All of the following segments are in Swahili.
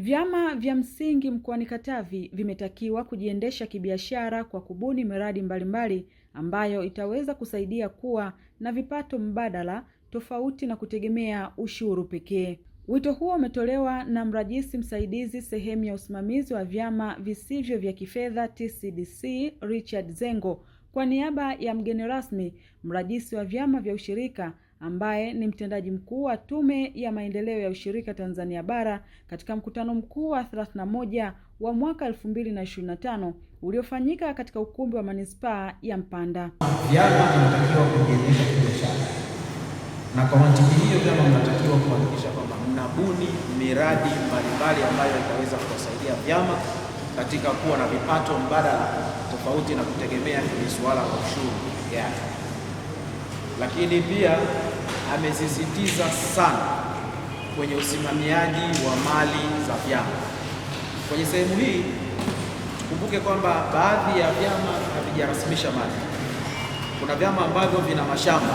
Vyama vya msingi mkoani Katavi vimetakiwa kujiendesha kibiashara kwa kubuni miradi mbalimbali ambayo itaweza kusaidia kuwa na vipato mbadala tofauti na kutegemea ushuru pekee. Wito huo umetolewa na mrajisi msaidizi sehemu ya usimamizi wa vyama visivyo vya kifedha TCDC, Richard Zengo, kwa niaba ya mgeni rasmi mrajisi wa vyama vya ushirika ambaye ni mtendaji mkuu wa Tume ya Maendeleo ya Ushirika Tanzania Bara katika mkutano mkuu wa 31 wa mwaka 2025 uliofanyika katika ukumbi wa manispaa ya Mpanda. Vyama vinatakiwa kujiendesha kibiashara, na kwa mantiki hiyo vyama vinatakiwa kuhakikisha kwamba mnabuni miradi mbalimbali ambayo itaweza kuwasaidia vyama katika kuwa na vipato mbadala tofauti na kutegemea kwenye suala la ushuru peke yake lakini pia amesisitiza sana kwenye usimamiaji wa mali za vyama. Kwenye sehemu hii tukumbuke kwamba baadhi ya vyama havijarasimisha mali. Kuna vyama ambavyo vina mashamba,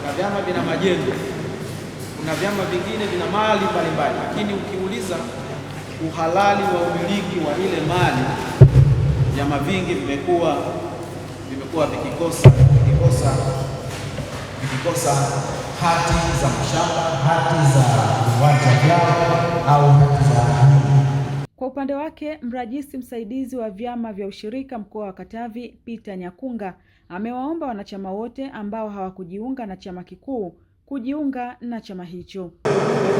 kuna vyama vina majengo, kuna vyama vingine vina mali mbalimbali, lakini ukiuliza uhalali wa umiliki wa ile mali, vyama vingi vimekuwa vimekuwa vikikosa vikikosa nikikosa hati za mashamba, hati za viwanja vyao au hati za kwa upande wake mrajisi msaidizi wa vyama vya ushirika mkoa wa Katavi Peter Nyakunga amewaomba wanachama wote ambao hawakujiunga na chama kikuu kujiunga na chama hicho.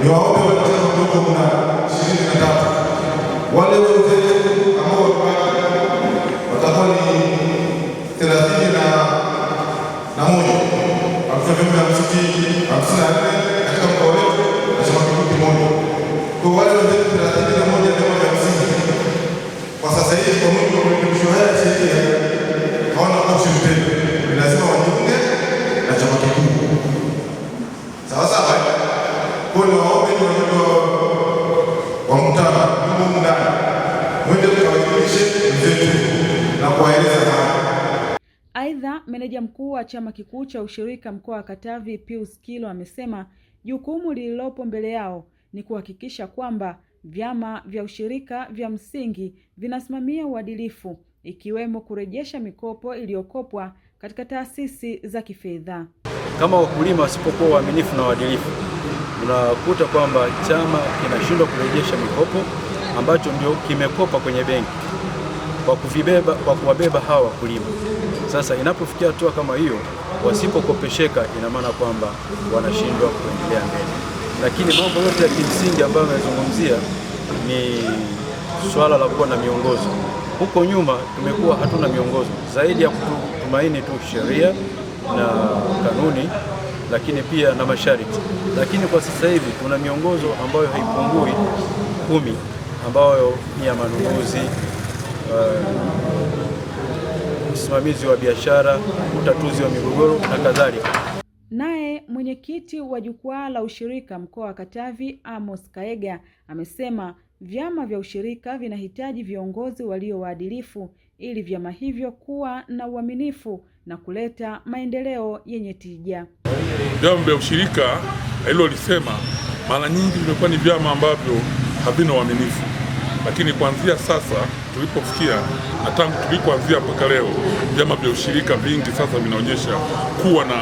Niwaombe wanachama mdogo mna ishirini na tatu wale wote ambao watakuwa ni thelathini na moja kilomita hamsini na nne katika mkoa wetu na chama kikuu kimoja. Kwa wale wenzetu thelathini na moja mia moja hamsini kwa sasa hivi, kwa mujibu wa marekebisho haya ya sheria, hawana option tena, ni lazima wajiunge na chama kikuu. Sawa sawa, kwa ni waombe ni wajumbe wa mtaa ndani, mwende mkawakilishe wenzetu na kuwaeleza Aidha, meneja mkuu wa chama kikuu cha ushirika mkoa wa Katavi Pius Kilo amesema jukumu lililopo mbele yao ni kuhakikisha kwamba vyama vya ushirika vya msingi vinasimamia uadilifu ikiwemo kurejesha mikopo iliyokopwa katika taasisi za kifedha. Kama wakulima wasipokuwa waaminifu na waadilifu, unakuta kwamba chama kinashindwa kurejesha mikopo ambacho ndio kimekopa kwenye benki kwa kuvibeba, kwa kuwabeba hawa wakulima. Sasa inapofikia hatua kama hiyo, wasipokopesheka, ina maana kwamba wanashindwa kuendelea mbele. Lakini mambo yote ya kimsingi ambayo amezungumzia ni swala la kuwa na miongozo. Huko nyuma tumekuwa hatuna miongozo zaidi ya kutumaini tu sheria na kanuni lakini pia na masharti. Lakini kwa sasa hivi tuna miongozo ambayo haipungui kumi ambayo ni ya manunuzi usimamizi uh, wa biashara, utatuzi wa migogoro na kadhalika. Naye mwenyekiti wa jukwaa la ushirika mkoa wa Katavi Amos Kaega amesema vyama vya ushirika vinahitaji viongozi walio waadilifu ili vyama hivyo kuwa na uaminifu na kuleta maendeleo yenye tija. Vyama vya ushirika hilo lisema mara nyingi vimekuwa ni vyama ambavyo havina uaminifu lakini kuanzia sasa tulipofikia na tangu tulikoanzia mpaka leo, vyama vya ushirika vingi sasa vinaonyesha kuwa na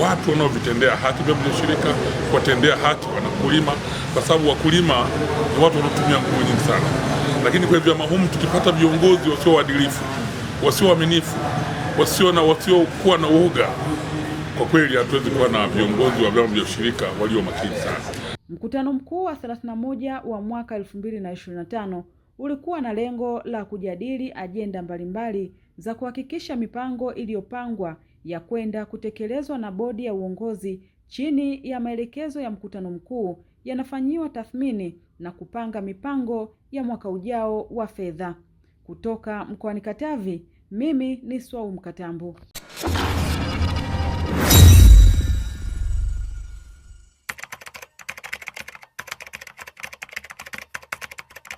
watu wanaovitendea haki vyama vya ushirika, kuwatendea haki wanakulima, kwa sababu wakulima ni watu wanaotumia nguvu nyingi sana. Lakini kwa vyama humu tukipata viongozi wasio waadilifu, wasio waaminifu, wasio na wasiokuwa na uoga, kwa kweli hatuwezi kuwa na viongozi wa vyama vya ushirika walio makini sana. Mkutano mkuu wa 31 wa mwaka 2025 ulikuwa na lengo la kujadili ajenda mbalimbali za kuhakikisha mipango iliyopangwa ya kwenda kutekelezwa na bodi ya uongozi chini ya maelekezo ya mkutano mkuu yanafanyiwa tathmini na kupanga mipango ya mwaka ujao wa fedha. Kutoka mkoani Katavi, mimi ni Swau Mkatambu.